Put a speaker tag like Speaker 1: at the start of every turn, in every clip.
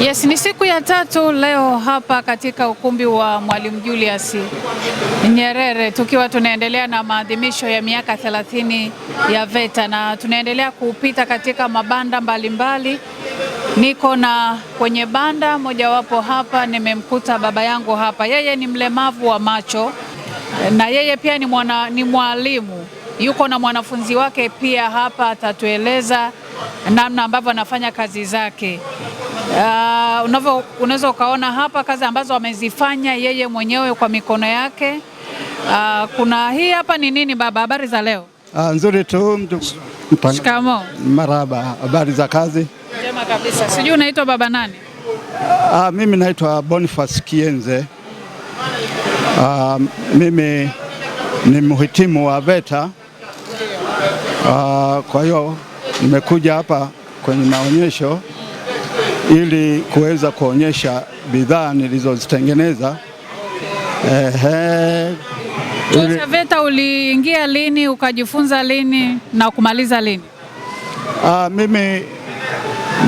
Speaker 1: Yes, ni siku ya tatu leo hapa katika ukumbi wa Mwalimu Julius Nyerere tukiwa tunaendelea na maadhimisho ya miaka 30 ya VETA na tunaendelea kupita katika mabanda mbalimbali mbali. Niko na kwenye banda mojawapo hapa nimemkuta baba yangu hapa. Yeye ni mlemavu wa macho na yeye pia ni mwana, ni mwalimu yuko na mwanafunzi wake pia hapa, atatueleza namna ambavyo anafanya kazi zake. Uh, unaweza ukaona hapa kazi ambazo amezifanya yeye mwenyewe kwa mikono yake. Uh, kuna hii hapa ni nini baba, habari za leo?
Speaker 2: Ah, nzuri tu. Shikamo. Maraba, Habari za kazi?
Speaker 1: Njema kabisa. Sijui unaitwa baba nani?
Speaker 2: Ah, mimi naitwa Boniface Kienze. Ah, mimi ni mhitimu wa VETA Uh, kwa hiyo nimekuja hapa kwenye maonyesho ili kuweza kuonyesha bidhaa nilizozitengeneza.
Speaker 1: Ehe, ili... uliingia lini ukajifunza lini na kumaliza lini?
Speaker 2: Aa, ah, mimi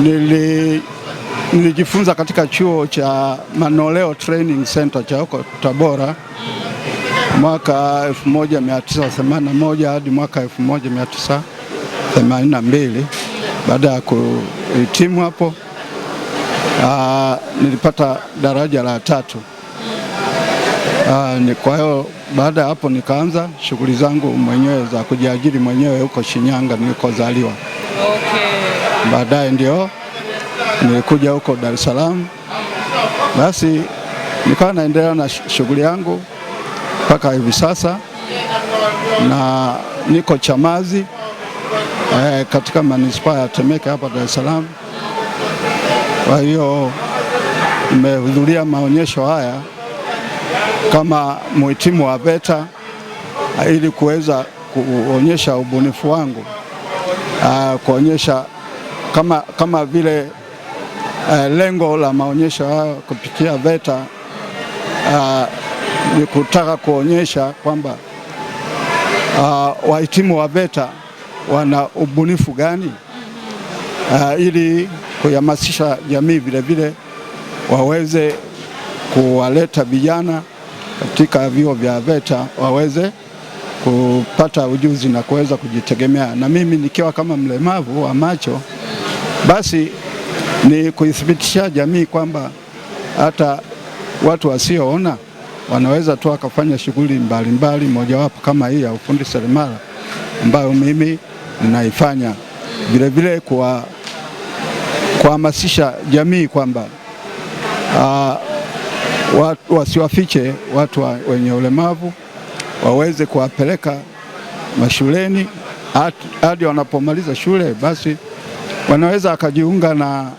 Speaker 2: nili nilijifunza katika chuo cha Manoleo Training Center cha huko Tabora mwaka 1981 hadi mwaka 1982. Baada ya kuhitimu hapo aa, ah, nilipata daraja la tatu. Ah, kwa hiyo baada ya hapo nikaanza shughuli zangu mwenyewe za kujiajiri mwenyewe huko Shinyanga nilikozaliwa. Okay. Baadaye ndio nilikuja huko Dar es Salaam, basi nikawa naendelea na shughuli yangu mpaka hivi sasa, na niko Chamazi eh, katika manispaa ya Temeke hapa Dar es Salaam. Kwa hiyo nimehudhuria maonyesho haya kama muhitimu wa VETA ah, ili kuweza kuonyesha ubunifu wangu, uh, kuonyesha kama, kama vile uh, lengo la maonyesho hayo kupitia VETA uh, ni kutaka kuonyesha kwamba uh, wahitimu wa VETA wana ubunifu gani uh, ili kuhamasisha jamii vilevile waweze kuwaleta vijana katika vyuo vya VETA waweze kupata ujuzi na kuweza kujitegemea. Na mimi nikiwa kama mlemavu wa macho, basi ni kuithibitisha jamii kwamba hata watu wasioona wanaweza tu wakafanya shughuli mbalimbali, mojawapo kama hii ya ufundi seremala ambayo mimi ninaifanya, vilevile kuhamasisha jamii kwamba ah, wasiwafiche watu wa, wenye ulemavu waweze kuwapeleka mashuleni hadi wanapomaliza shule basi wanaweza akajiunga na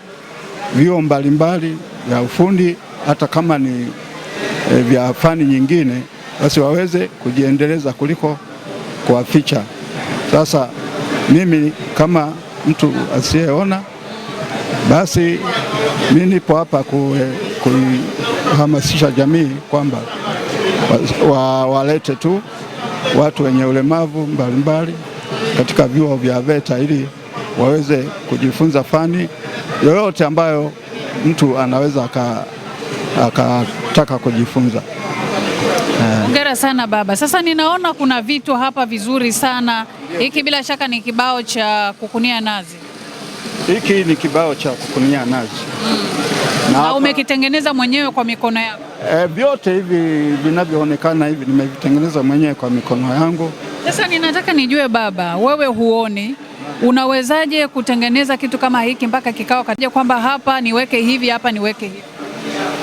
Speaker 2: vyuo mbalimbali vya ufundi hata kama ni e, vya fani nyingine, basi waweze kujiendeleza kuliko kuwaficha. Sasa mimi kama mtu asiyeona, basi mimi nipo hapa eh, kuhamasisha jamii kwamba wa, walete tu watu wenye ulemavu mbalimbali katika vyuo vya VETA ili waweze kujifunza fani yoyote ambayo mtu anaweza aka, aka kutaka kujifunza.
Speaker 1: Eh. Hongera sana baba. Sasa ninaona kuna vitu hapa vizuri sana. Hiki bila shaka ni kibao cha kukunia nazi.
Speaker 2: Hiki ni kibao cha kukunia nazi. Hmm.
Speaker 1: Na na umekitengeneza mwenyewe kwa mikono yako?
Speaker 2: E, vyote hivi vinavyoonekana hivi nimevitengeneza mwenyewe kwa mikono yangu.
Speaker 1: Sasa ninataka nijue baba, wewe huoni unawezaje kutengeneza kitu kama hiki mpaka kikao kaja kwamba hapa niweke hivi, hapa niweke hivi?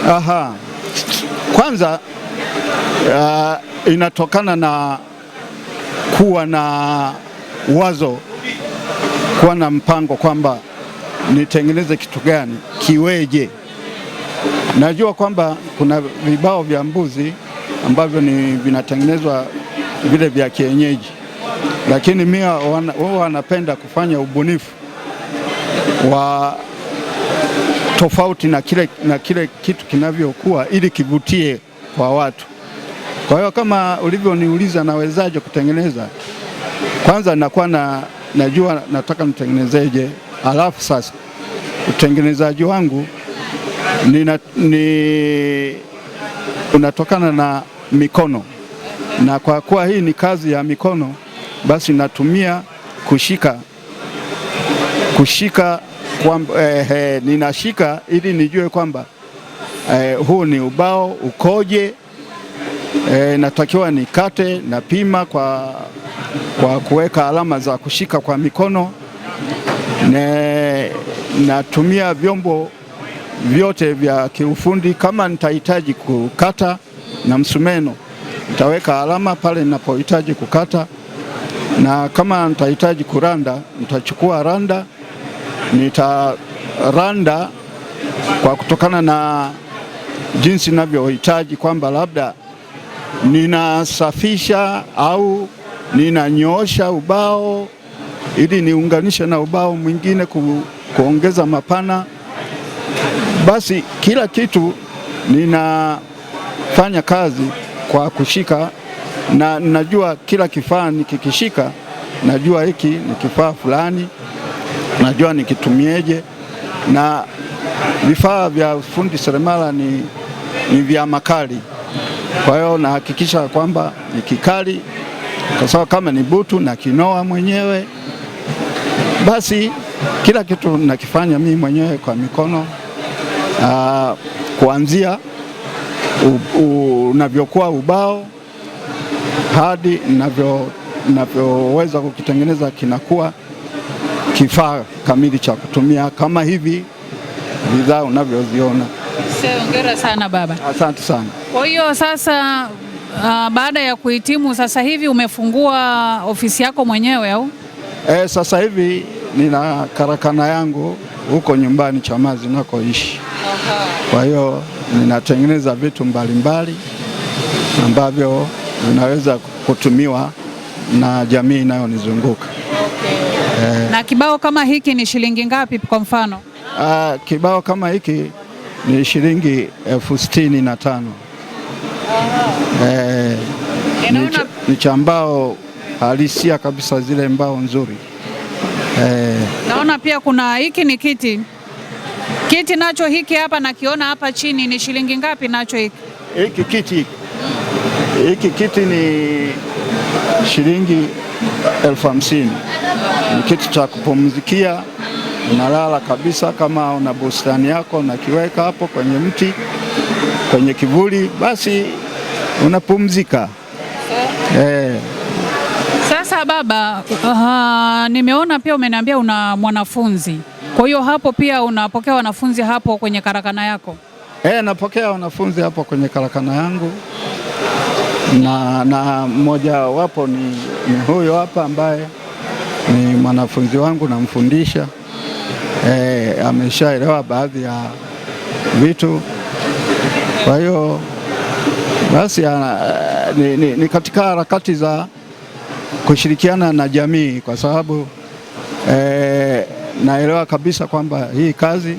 Speaker 2: Aha. Kwanza uh, inatokana na kuwa na wazo, kuwa na mpango kwamba nitengeneze kitu gani, kiweje. Najua kwamba kuna vibao vya mbuzi ambavyo ni vinatengenezwa vile vya kienyeji, lakini mimi wao wanapenda kufanya ubunifu wa tofauti na kile, na kile kitu kinavyokuwa ili kivutie kwa watu. Kwa hiyo kama ulivyoniuliza nawezaje kutengeneza, kwanza nakuwa na, najua nataka nitengenezeje, alafu sasa utengenezaji wangu nina, ni unatokana na mikono, na kwa kuwa hii ni kazi ya mikono, basi natumia kushika kushika kwamba, eh, eh, ninashika ili nijue kwamba eh, huu ni ubao ukoje, eh, natakiwa nikate, napima kwa, kwa kuweka alama za kushika kwa mikono ne, natumia vyombo vyote vya kiufundi. Kama nitahitaji kukata na msumeno nitaweka alama pale ninapohitaji kukata, na kama nitahitaji kuranda nitachukua randa nitaranda kwa kutokana na jinsi ninavyohitaji kwamba labda ninasafisha au ninanyoosha ubao ili niunganishe na ubao mwingine ku, kuongeza mapana. Basi kila kitu ninafanya kazi kwa kushika, na najua kila kifaa nikikishika, najua hiki ni kifaa fulani najua nikitumieje, na vifaa vya fundi seremala ni, ni vya makali. Kwa hiyo nahakikisha kwamba ni kikali, kwa sababu kama ni butu na kinoa mwenyewe, basi kila kitu nakifanya mimi mwenyewe kwa mikono aa, ah, kuanzia unavyokuwa ubao hadi navyoweza kukitengeneza kinakuwa kifaa kamili cha kutumia kama hivi bidhaa unavyoziona.
Speaker 1: Hongera sana baba. Asante sana. Kwa hiyo sasa uh, baada ya kuhitimu sasa hivi umefungua ofisi yako mwenyewe au?
Speaker 2: E, sasa hivi nina karakana yangu huko nyumbani Chamazi nakoishi. Kwa hiyo ninatengeneza vitu mbalimbali ambavyo vinaweza kutumiwa na jamii inayonizunguka. Okay.
Speaker 1: Eh, na kibao kama hiki ni shilingi ngapi kwa mfano?
Speaker 2: Uh, kibao kama hiki ni shilingi elfu sitini na tano. Eh, ni cha mbao halisia kabisa, zile mbao nzuri.
Speaker 1: Eh. Naona pia kuna hiki ni kiti kiti nacho hiki hapa nakiona hapa chini, ni shilingi ngapi nacho hiki?
Speaker 2: Hiki kiti hiki kiti ni shilingi elfu hamsini ni kitu cha kupumzikia, unalala kabisa. Kama una bustani yako unakiweka hapo kwenye mti, kwenye kivuli, basi unapumzika eh.
Speaker 1: Sasa baba, uh, nimeona pia umeniambia una mwanafunzi, kwa hiyo hapo pia unapokea wanafunzi hapo kwenye karakana yako?
Speaker 2: Eh, napokea wanafunzi hapo kwenye karakana yangu na, na mmoja wapo ni, ni huyo hapa ambaye ni mwanafunzi wangu namfundisha, e, ameshaelewa baadhi ya vitu, kwa hiyo basi ya, ni, ni, ni katika harakati za kushirikiana na jamii kwa sababu e, naelewa kabisa kwamba hii kazi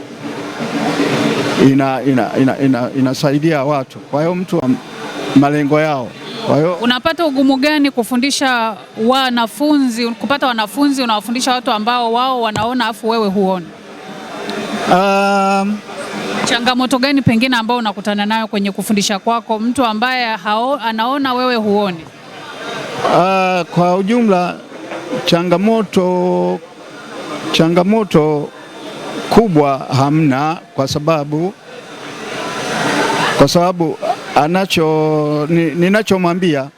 Speaker 2: ina, ina, ina, ina, inasaidia watu, kwa hiyo mtu wa malengo yao
Speaker 1: Wayo. Unapata ugumu gani kufundisha wanafunzi, kupata wanafunzi unawafundisha watu ambao wao wanaona afu wewe huoni? Um, changamoto gani pengine ambao unakutana nayo kwenye kufundisha kwako mtu ambaye hao, anaona wewe huoni?
Speaker 2: Uh, kwa ujumla changamoto changamoto kubwa hamna, kwa sababu kwa sababu anacho ninachomwambia ni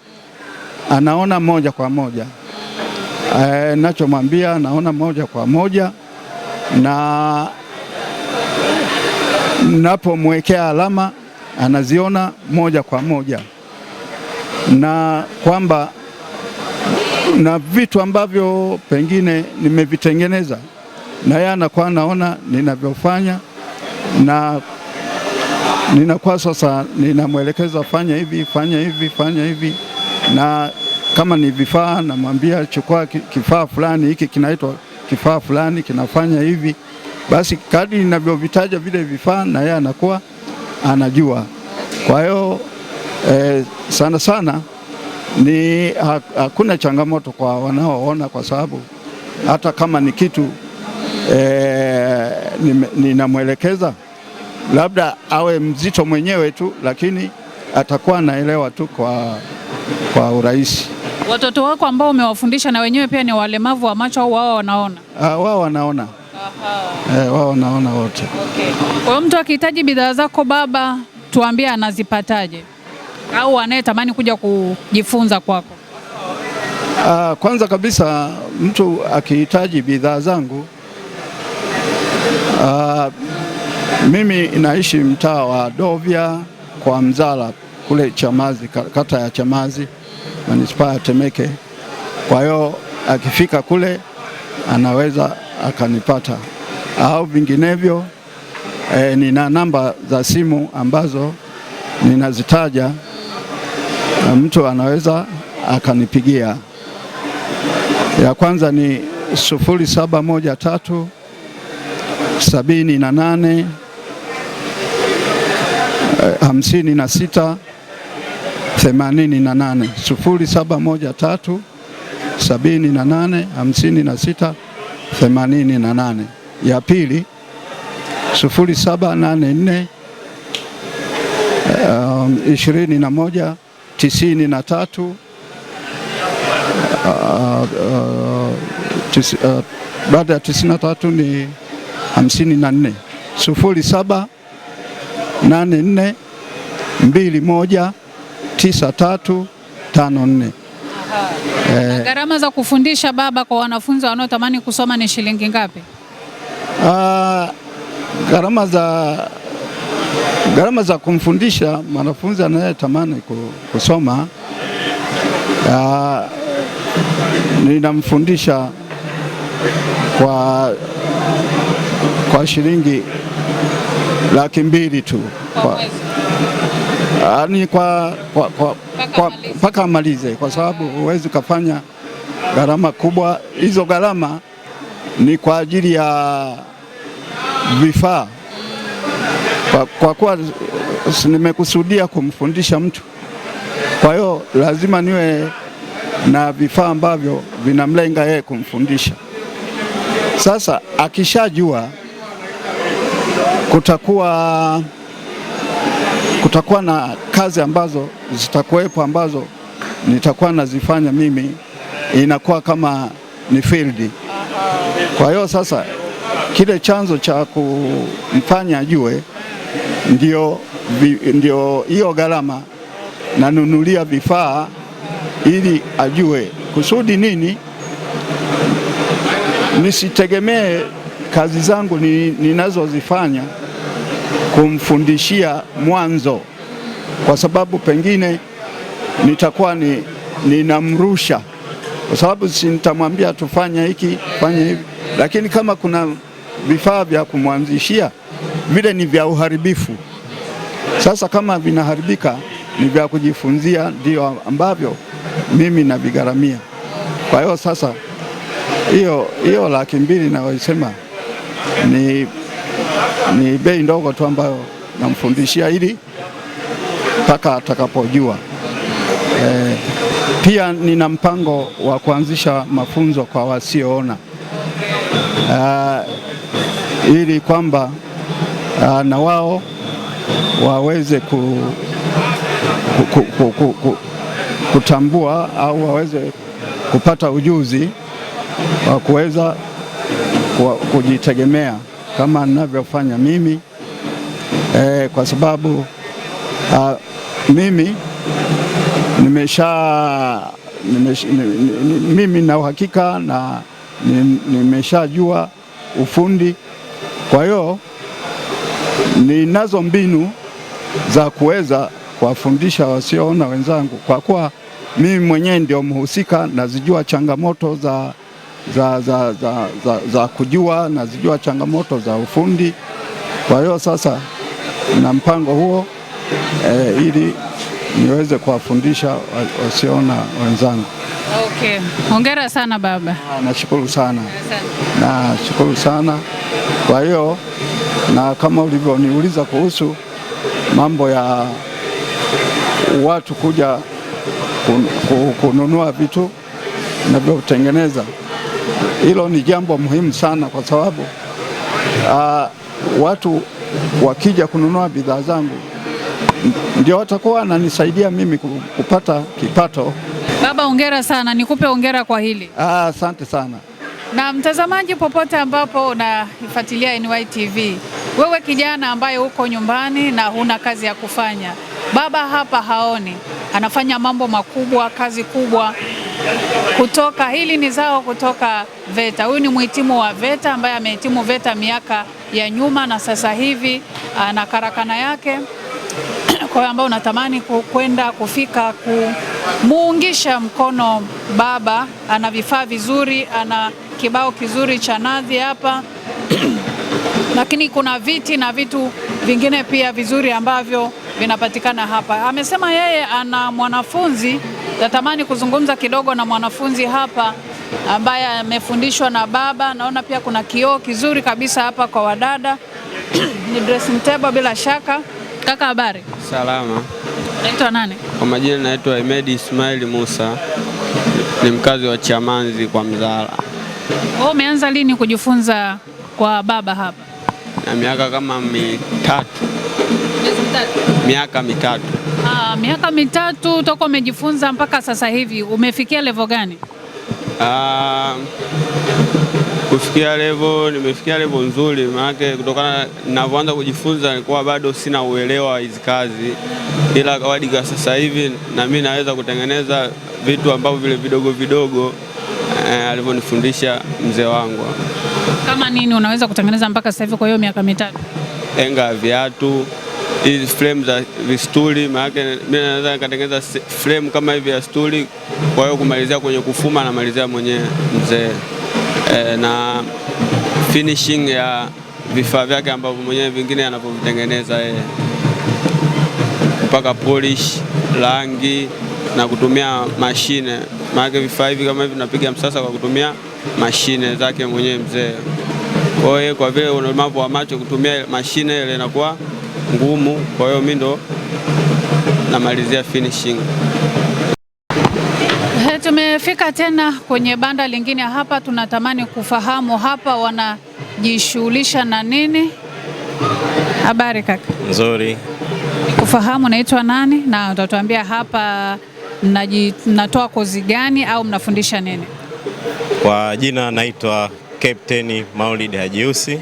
Speaker 2: anaona moja kwa moja e, eh, nachomwambia anaona moja kwa moja, na napomwekea alama anaziona moja kwa moja, na kwamba na vitu ambavyo pengine nimevitengeneza na yeye anakuwa anaona ninavyofanya na ninakuwa sasa ninamwelekeza fanya hivi fanya hivi fanya hivi, na kama ni vifaa namwambia chukua kifaa fulani, hiki kinaitwa kifaa fulani kinafanya hivi. Basi kadri ninavyovitaja vile vifaa, na yeye anakuwa anajua. Kwa hiyo eh, sana sana ni hakuna changamoto kwa wanaoona, kwa sababu hata kama ni kitu eh, ninamwelekeza labda awe mzito mwenyewe tu, lakini atakuwa anaelewa tu kwa, kwa urahisi.
Speaker 1: Watoto wako ambao umewafundisha na wenyewe pia ni walemavu wa macho au wao wanaona?
Speaker 2: Ah, wao wanaona. Aha. Eh, wao wanaona wote. Okay.
Speaker 1: Kwa hiyo mtu akihitaji bidhaa zako baba, tuambie anazipataje, au anayetamani kuja kujifunza kwako?
Speaker 2: Aa, ah, kwanza kabisa mtu akihitaji bidhaa zangu ah, mimi naishi mtaa wa Dovya kwa Mzala kule Chamazi, kata ya Chamazi, manispaa ya Temeke. Kwa hiyo akifika kule anaweza akanipata au vinginevyo e, nina namba za simu ambazo ninazitaja, mtu anaweza akanipigia. Ya kwanza ni sufuri saba moja tatu sabini na nane hamsini na sita themanini na nane sufuri saba moja tatu sabini na nane hamsini na sita themanini na nane ya pili sufuri saba nane nne um, ishirini na moja tisini na tatu uh, uh, uh, baada ya tisini na tatu ni hamsini na nne sufuri saba nane nne mbili moja tisa tatu tano nne.
Speaker 1: Eh, gharama za kufundisha baba, kwa wanafunzi wanaotamani kusoma ni shilingi ngapi?
Speaker 2: Ah, gharama za gharama za kumfundisha mwanafunzi anayetamani kusoma ah, ninamfundisha kwa, kwa shilingi laki mbili tu yaani kwa, kwa, kwa, kwa, mpaka amalize kwa sababu huwezi ukafanya gharama kubwa. Hizo gharama ni kwa ajili ya vifaa kwa, kwa kuwa nimekusudia kumfundisha mtu, kwa hiyo lazima niwe na vifaa ambavyo vinamlenga yeye kumfundisha. Sasa akishajua kutakuwa kutakuwa na kazi ambazo zitakuwepo ambazo nitakuwa nazifanya mimi, inakuwa kama ni field. Kwa hiyo sasa kile chanzo cha kumfanya ajue ndio ndio hiyo gharama nanunulia vifaa ili ajue kusudi nini, nisitegemee kazi zangu ninazozifanya kumfundishia mwanzo, kwa sababu pengine nitakuwa ni ninamrusha kwa sababu si nitamwambia tufanye hiki fanye hivi, lakini kama kuna vifaa vya kumwanzishia vile ni vya uharibifu. Sasa kama vinaharibika ni vya kujifunzia, ndio ambavyo mimi navigharamia. Kwa hiyo sasa hiyo hiyo laki mbili nayoisema ni ni bei ndogo tu ambayo namfundishia ili mpaka atakapojua. E, pia nina mpango wa kuanzisha mafunzo kwa wasioona e, ili kwamba e, na wao waweze ku, ku, ku, ku, ku, kutambua au waweze kupata ujuzi wa kuweza kujitegemea kama ninavyofanya mimi e, kwa sababu a, ah, mimi nimesha, nimesha mimi na uhakika na nimeshajua ufundi, kwa hiyo ninazo mbinu za kuweza kuwafundisha wasioona wenzangu, kwa kuwa mimi mwenyewe ndio mhusika, nazijua changamoto za za, za, za, za, za kujua na zijua changamoto za ufundi. Kwa hiyo sasa na mpango huo eh, ili niweze kuwafundisha wasiona wenzangu.
Speaker 1: Okay. Hongera sana baba.
Speaker 2: Ah, nashukuru sana, nashukuru sana. Kwa hiyo na kama ulivyoniuliza kuhusu mambo ya watu kuja kununua vitu navyotengeneza hilo ni jambo muhimu sana, kwa sababu uh, watu wakija kununua bidhaa zangu ndio watakuwa wananisaidia mimi kupata kipato.
Speaker 1: Baba, hongera sana, nikupe hongera kwa hili.
Speaker 2: Ah, asante sana.
Speaker 1: Na mtazamaji, popote ambapo unaifuatilia NY TV, wewe kijana ambaye uko nyumbani na huna kazi ya kufanya, baba hapa haoni, anafanya mambo makubwa, kazi kubwa kutoka hili ni zao kutoka VETA. Huyu ni mhitimu wa VETA ambaye amehitimu VETA miaka ya nyuma na sasa hivi ana ah, karakana yake. Kwa hiyo ambao unatamani kwenda kufika kumuungisha mkono baba, ana vifaa vizuri, ana kibao kizuri cha nadhi hapa lakini kuna viti na vitu vingine pia vizuri ambavyo vinapatikana hapa. Amesema yeye ana mwanafunzi, natamani kuzungumza kidogo na mwanafunzi hapa ambaye amefundishwa na baba. Naona pia kuna kioo kizuri kabisa hapa kwa wadada ni dressing table bila shaka. Kaka, habari? Salama. Naitwa nani?
Speaker 3: Kwa majina naitwa Ahmed Ismail Musa, ni mkazi wa Chamanzi kwa Mzala.
Speaker 1: Wewe umeanza lini kujifunza kwa baba hapa?
Speaker 3: Na miaka kama mitatu. Miezi mitatu miaka mitatu.
Speaker 1: Aa, ah, miaka mitatu toka umejifunza mpaka sasa hivi umefikia levo gani? Aa,
Speaker 3: ah, kufikia levo, nimefikia level nzuri, maanake kutokana ninavyoanza kujifunza nilikuwa bado sina uelewa hizi kazi, ila kawadi kwa sasa hivi na mimi naweza kutengeneza vitu ambavyo vile vidogo vidogo eh, alivyonifundisha mzee wangu.
Speaker 1: Kama nini unaweza kutengeneza mpaka sasa hivi? Kwa hiyo miaka mitatu,
Speaker 3: enga viatu hizi frame za vistuli, maana mimi naweza nikatengeneza frame kama hivi ya stuli. Kwa hiyo kumalizia kwenye kufuma namalizia mwenyewe mzee e, na finishing ya vifaa vyake ambavyo mwenyewe vingine anavyovitengeneza yeye, mpaka polish, rangi na kutumia mashine. Maana vifaa hivi kama hivi napiga msasa kwa kutumia mashine zake mwenyewe mzee. Kwa hiyo kwa vile una ulemavu wa macho, kutumia mashine ile inakuwa ngumu, kwa hiyo mimi ndo namalizia finishing.
Speaker 1: He, eh, tumefika tena kwenye banda lingine hapa, tunatamani kufahamu hapa wanajishughulisha na nini. Habari kaka? Nzuri. Kufahamu naitwa nani na utatuambia hapa mnatoa kozi gani au mnafundisha nini?
Speaker 3: Kwa jina naitwa Captain Maulid Hajiusi.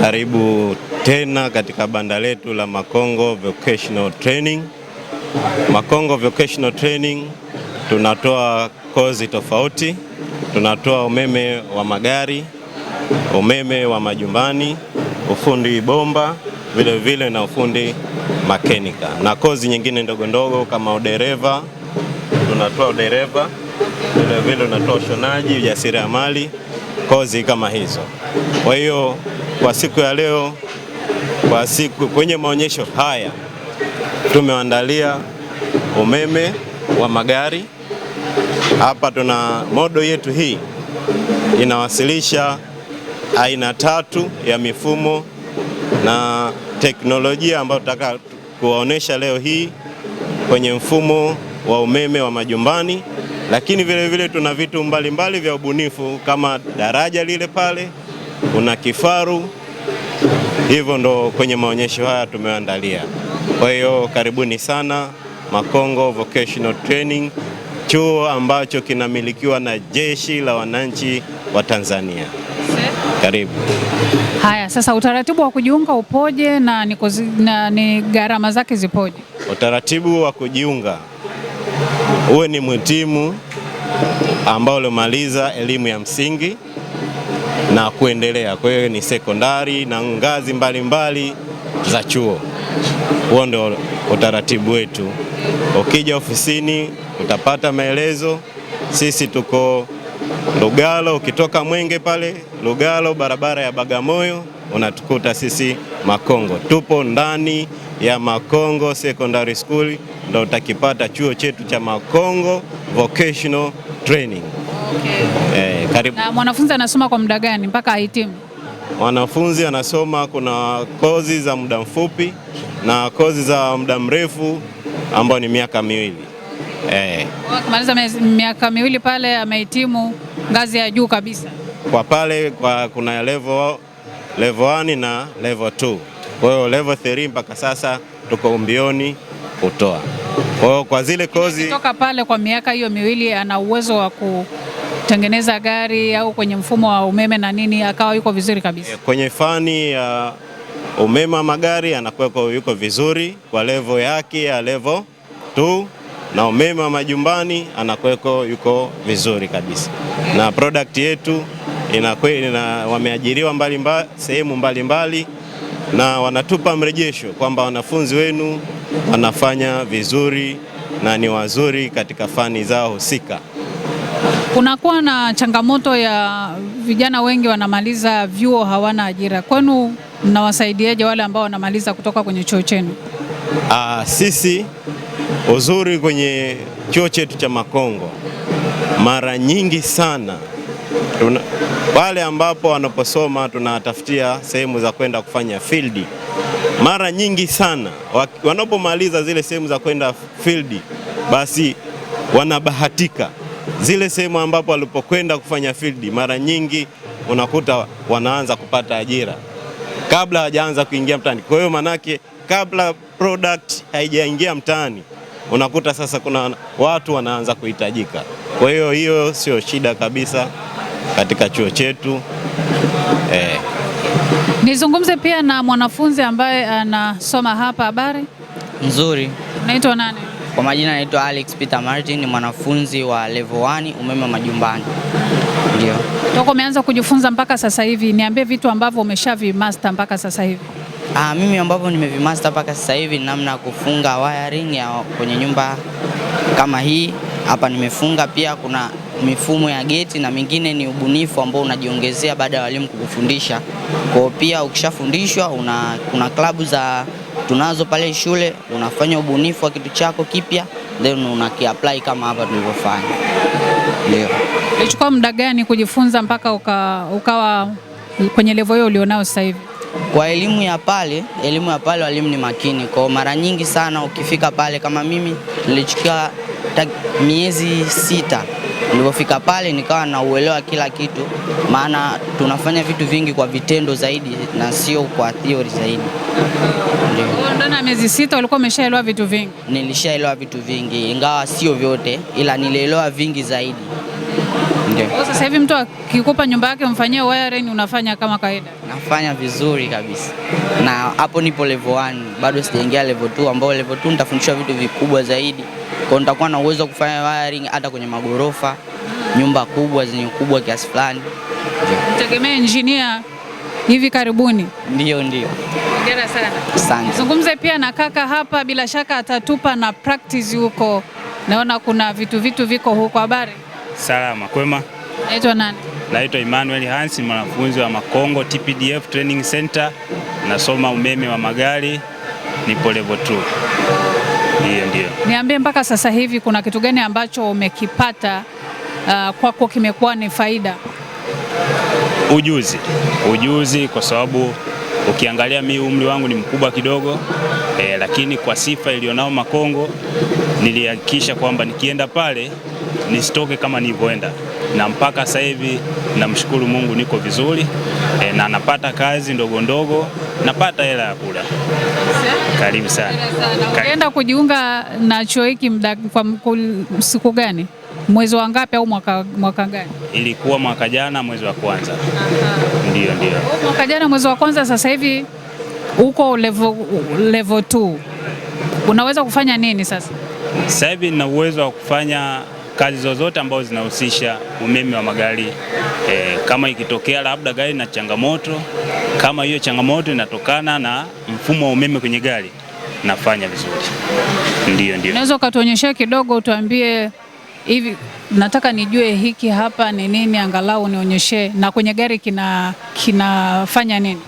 Speaker 3: Karibu tena katika banda letu la Makongo Vocational Training. Makongo Vocational Training tunatoa kozi tofauti, tunatoa umeme wa magari, umeme wa majumbani, ufundi bomba, vile vile na ufundi makenika na kozi nyingine ndogo ndogo kama udereva, tunatoa udereva vile vile, tunatoa ushonaji, ujasiriamali, kozi kama hizo. Kwa hiyo kwa siku ya leo kwa siku kwenye maonyesho haya tumeandalia umeme wa magari hapa. Tuna modo yetu hii inawasilisha aina tatu ya mifumo na teknolojia ambayo tutaka kuwaonesha leo hii kwenye mfumo wa umeme wa majumbani, lakini vilevile vile tuna vitu mbalimbali mbali vya ubunifu kama daraja lile pale, kuna kifaru Hivyo ndo kwenye maonyesho haya tumeandalia. Kwa hiyo karibuni sana Makongo Vocational Training, chuo ambacho kinamilikiwa na Jeshi la Wananchi wa Tanzania. Karibu.
Speaker 1: Haya, sasa utaratibu wa kujiunga upoje na ni, ni gharama zake zipoje?
Speaker 3: Utaratibu wa kujiunga, uwe ni mhitimu ambao uliomaliza elimu ya msingi na kuendelea. Kwa hiyo ni sekondari na ngazi mbalimbali mbali za chuo. Huo ndio utaratibu wetu. Ukija ofisini utapata maelezo. Sisi tuko Lugalo, ukitoka Mwenge pale Lugalo, barabara ya Bagamoyo unatukuta sisi Makongo, tupo ndani ya Makongo Secondary School, ndo utakipata chuo chetu cha Makongo Vocational Training. Okay.
Speaker 1: Eh, karibu. Na mwanafunzi anasoma kwa muda gani mpaka ahitimu?
Speaker 3: Wanafunzi anasoma kuna kozi za muda mfupi na kozi za muda mrefu ambao ni miaka miwili.
Speaker 1: Eh. Akimaliza miaka miwili pale amehitimu ngazi ya juu kabisa.
Speaker 3: Kwa pale kwa kuna level level 1 na level 2. Kwa hiyo level 3 mpaka sasa tuko umbioni kutoa kwa hiyo kwa zile kozi
Speaker 1: kutoka pale kwa miaka hiyo miwili, ana uwezo wa kutengeneza gari au kwenye mfumo wa umeme na nini, akawa yuko vizuri kabisa eh,
Speaker 3: kwenye fani ya uh, umeme wa magari, anakuwa yuko vizuri kwa levo yake ya levo tu na umeme wa majumbani anakuwa yuko vizuri kabisa, na product yetu inakuwa ina wameajiriwa mbalimbali sehemu mbalimbali na wanatupa mrejesho kwamba wanafunzi wenu wanafanya vizuri na ni wazuri katika fani zao husika.
Speaker 1: Kunakuwa na changamoto ya vijana wengi wanamaliza vyuo hawana ajira. Kwenu mnawasaidiaje wale ambao wanamaliza kutoka kwenye chuo chenu?
Speaker 3: Aa, ah, sisi uzuri kwenye chuo chetu cha Makongo mara nyingi sana tuna, wale ambapo wanaposoma tunatafutia sehemu za kwenda kufanya field. Mara nyingi sana wanapomaliza zile sehemu za kwenda field, basi wanabahatika zile sehemu ambapo walipokwenda kufanya field, mara nyingi unakuta wanaanza kupata ajira kabla hawajaanza kuingia mtaani. Kwa hiyo manake kabla product haijaingia mtaani unakuta sasa kuna watu wanaanza kuhitajika. Kwa hiyo hiyo sio shida kabisa katika chuo chetu
Speaker 1: eh. Nizungumze pia na mwanafunzi ambaye anasoma hapa. Habari nzuri. Naitwa nani?
Speaker 3: Kwa majina anaitwa Alex Peter Martin, ni mwanafunzi wa level 1 umeme wa majumbani.
Speaker 1: Ndio. Toka umeanza kujifunza mpaka sasa hivi, niambie vitu ambavyo umeshavimaster mpaka sasa hivi.
Speaker 3: Ah, mimi ambavyo nimevimaster mpaka sasa hivi namna ya kufunga wiring ya kwenye nyumba kama hii hapa nimefunga. Pia kuna mifumo ya geti na mingine ni ubunifu ambao unajiongezea baada ya walimu kukufundisha. Kwa pia ukishafundishwa una, kuna klabu za tunazo pale shule, unafanya ubunifu wa kitu chako kipya then unakiapply kama hapa tulivyofanya leo.
Speaker 1: Ilichukua muda gani kujifunza mpaka uka, ukawa kwenye level hiyo ulionao sasa hivi?
Speaker 3: Kwa elimu ya pale, elimu ya pale walimu ni makini kwao. Mara nyingi sana ukifika pale, kama mimi nilichukua miezi sita nilipofika pale nikawa nauelewa kila kitu, maana tunafanya vitu vingi kwa vitendo zaidi na sio kwa theory zaidi.
Speaker 1: Ndio miezi sita ulikuwa umeshaelewa vitu vingi?
Speaker 3: Nilishaelewa vitu vingi, ingawa sio vyote, ila nilielewa vingi zaidi.
Speaker 1: Ndio. Sasa hivi mtu akikupa nyumba yake umfanyie wiring unafanya kama kawaida?
Speaker 3: Nafanya vizuri kabisa, na hapo nipo level 1, bado sijaingia level 2, ambao level 2 nitafundishwa vitu vikubwa zaidi, kwa nitakuwa na uwezo wa kufanya wiring hata kwenye magorofa, nyumba kubwa zenye ukubwa kiasi fulani.
Speaker 1: Nitegemea engineer hivi karibuni. Ndio, ndio. Hongera sana. Asante. Zungumze pia na kaka hapa, bila shaka atatupa na practice huko. Naona kuna vitu vitu viko huko. Habari?
Speaker 4: Salama kwema. Naitwa nani? Naitwa Emmanuel Hansi, mwanafunzi wa Makongo TPDF Training Center, nasoma umeme wa magari, nipo level 2.
Speaker 1: Ndiyo, ndio Niambie, mpaka sasa hivi kuna kitu gani ambacho umekipata uh, kwako kimekuwa ni faida?
Speaker 4: Ujuzi, ujuzi kwa sababu ukiangalia mi umri wangu ni mkubwa kidogo eh, lakini kwa sifa iliyonao Makongo nilihakikisha kwamba nikienda pale nisitoke kama nilivyoenda, na mpaka sasa hivi namshukuru Mungu niko vizuri e, na napata kazi ndogo ndogo, napata hela ya kula. Karibu sana.
Speaker 1: Unaenda kujiunga na chuo hiki kwa siku gani? Mwezi wa ngapi au mwaka, mwaka gani?
Speaker 4: Ilikuwa mwaka jana mwezi wa kwanza. Ndio, ndio.
Speaker 1: Mwaka jana mwezi wa kwanza. Sasa hivi uko level 2 unaweza kufanya nini sasa?
Speaker 4: Sasa hivi nina uwezo wa kufanya kazi zozote ambazo zinahusisha umeme wa magari e, kama ikitokea labda gari na changamoto, kama hiyo changamoto inatokana na mfumo wa umeme kwenye gari nafanya vizuri. Ndio, ndio.
Speaker 1: Unaweza ukatuonyeshea kidogo, utuambie hivi, nataka nijue hiki hapa ni nini, angalau nionyeshe na kwenye gari kina kinafanya nini?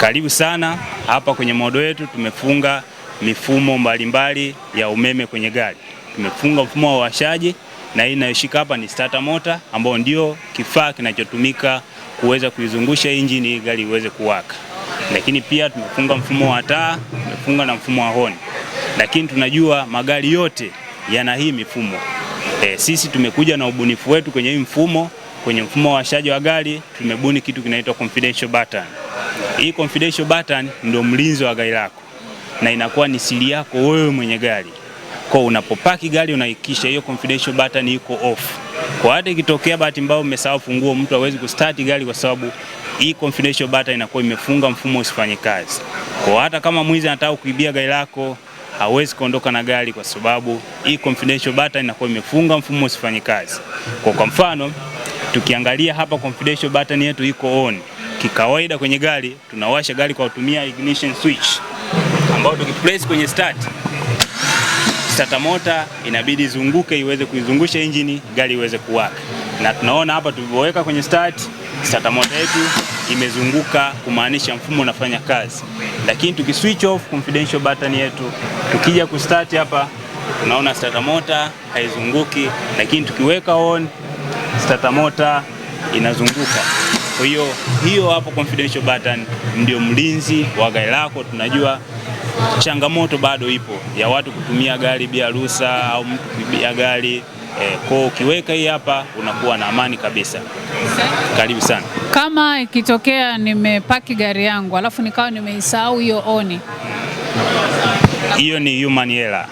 Speaker 4: Karibu sana hapa kwenye modo yetu tumefunga mifumo mbalimbali mbali ya umeme kwenye gari tumefunga mfumo wa washaji, na hii inayoshika hapa ni starter motor ambayo ndio kifaa kinachotumika kuweza kuizungusha injini ili gari iweze kuwaka. Lakini pia tumefunga mfumo wa taa, tumefunga na mfumo wa honi. Lakini tunajua magari yote yana hii mifumo. E, sisi tumekuja na ubunifu wetu kwenye hii mfumo, kwenye mfumo wa washaji wa gari tumebuni kitu kinaitwa confidential button. Hii confidential button ndio mlinzi wa gari lako na inakuwa ni siri yako wewe mwenye gari. Kwa unapopaki gari unaikisha hiyo confidential button iko off. Kwa hata ikitokea bahati mbaya umesahau funguo, mtu hawezi kustart gari kwa sababu hii confidential button inakuwa imefunga mfumo usifanye kazi. Kwa hata kama mwizi anataka kuibia gari lako hawezi kuondoka na gari kwa sababu hii confidential button inakuwa imefunga mfumo usifanye kazi. Kwa kwa mfano tukiangalia hapa confidential button yetu iko on. Kikawaida kwenye gari tunawasha gari kwa kutumia ignition switch ambayo tukiplace kwenye start starter motor inabidi izunguke iweze kuizungusha injini gari iweze kuwaka, na tunaona hapa tulivyoweka kwenye start, starter motor yetu imezunguka kumaanisha mfumo unafanya kazi. Lakini tukiswitch off confidential button yetu, tukija kustart hapa, tunaona starter motor haizunguki, lakini tukiweka on starter motor inazunguka. Kwa hiyo hiyo hapo confidential button ndio mlinzi wa gari lako, tunajua changamoto bado ipo ya watu kutumia gari bila ruhusa au mtu kubia gari. E, kwa ukiweka hii hapa unakuwa na amani kabisa. Karibu sana.
Speaker 1: Kama ikitokea nimepaki gari yangu alafu nikawa nimeisahau hiyo oni,
Speaker 4: hiyo ni human error.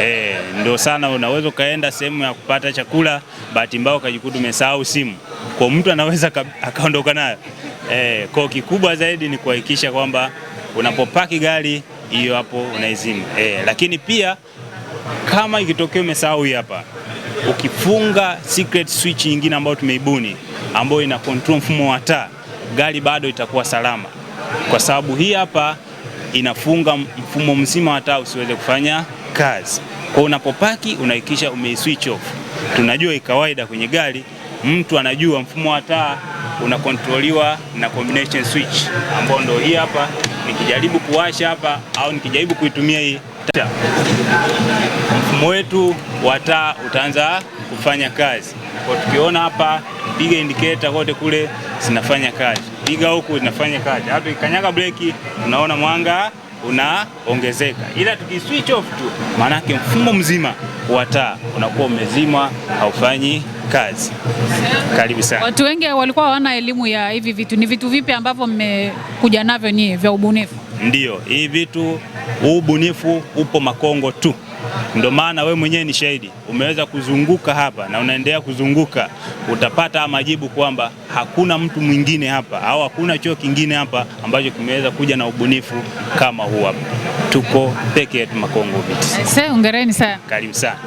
Speaker 4: Eh, ndio sana unaweza ukaenda sehemu ya kupata chakula, bahati mbaya ukajikuta umesahau simu, kwa mtu anaweza akaondoka nayo. Eh, kwa kikubwa zaidi ni kuhakikisha kwamba unapopaki gari hiyo hapo unaizima e. Lakini pia kama ikitokea umesahau hapa, ukifunga secret switch nyingine ambayo tumeibuni ambayo ina control mfumo wa taa, gari bado itakuwa salama, kwa sababu hii hapa inafunga mfumo mzima wa taa usiweze kufanya kazi. Kwa unapopaki unahakikisha umeiswitch off. Tunajua ikawaida kwenye gari mtu anajua mfumo wa taa unakontroliwa na combination switch ambayo ndio hii hapa nikijaribu kuwasha hapa au nikijaribu kuitumia hii mfumo wetu wa taa utaanza kufanya kazi. Kwa tukiona hapa, piga indiketa kote kule zinafanya kazi, piga huku zinafanya kazi, hata ikanyaga breki unaona mwanga unaongezeka, ila tukiswitch off tu, maanake mfumo mzima wa taa unakuwa umezima, haufanyi kazi. Karibu sana.
Speaker 1: Watu wengi walikuwa hawana elimu ya hivi vitu. Ni vitu vipi ambavyo mmekuja navyo nyie vya ubunifu?
Speaker 4: ndio hii vitu, huu ubunifu upo Makongo tu. Ndio maana wewe mwenyewe ni shahidi, umeweza kuzunguka hapa na unaendelea kuzunguka, utapata majibu kwamba hakuna mtu mwingine hapa au hakuna chuo kingine hapa ambacho kimeweza kuja na ubunifu kama huu hapa. Tuko peke yetu Makongo BITS.
Speaker 1: Sasa hongereni sana,
Speaker 4: karibu sana.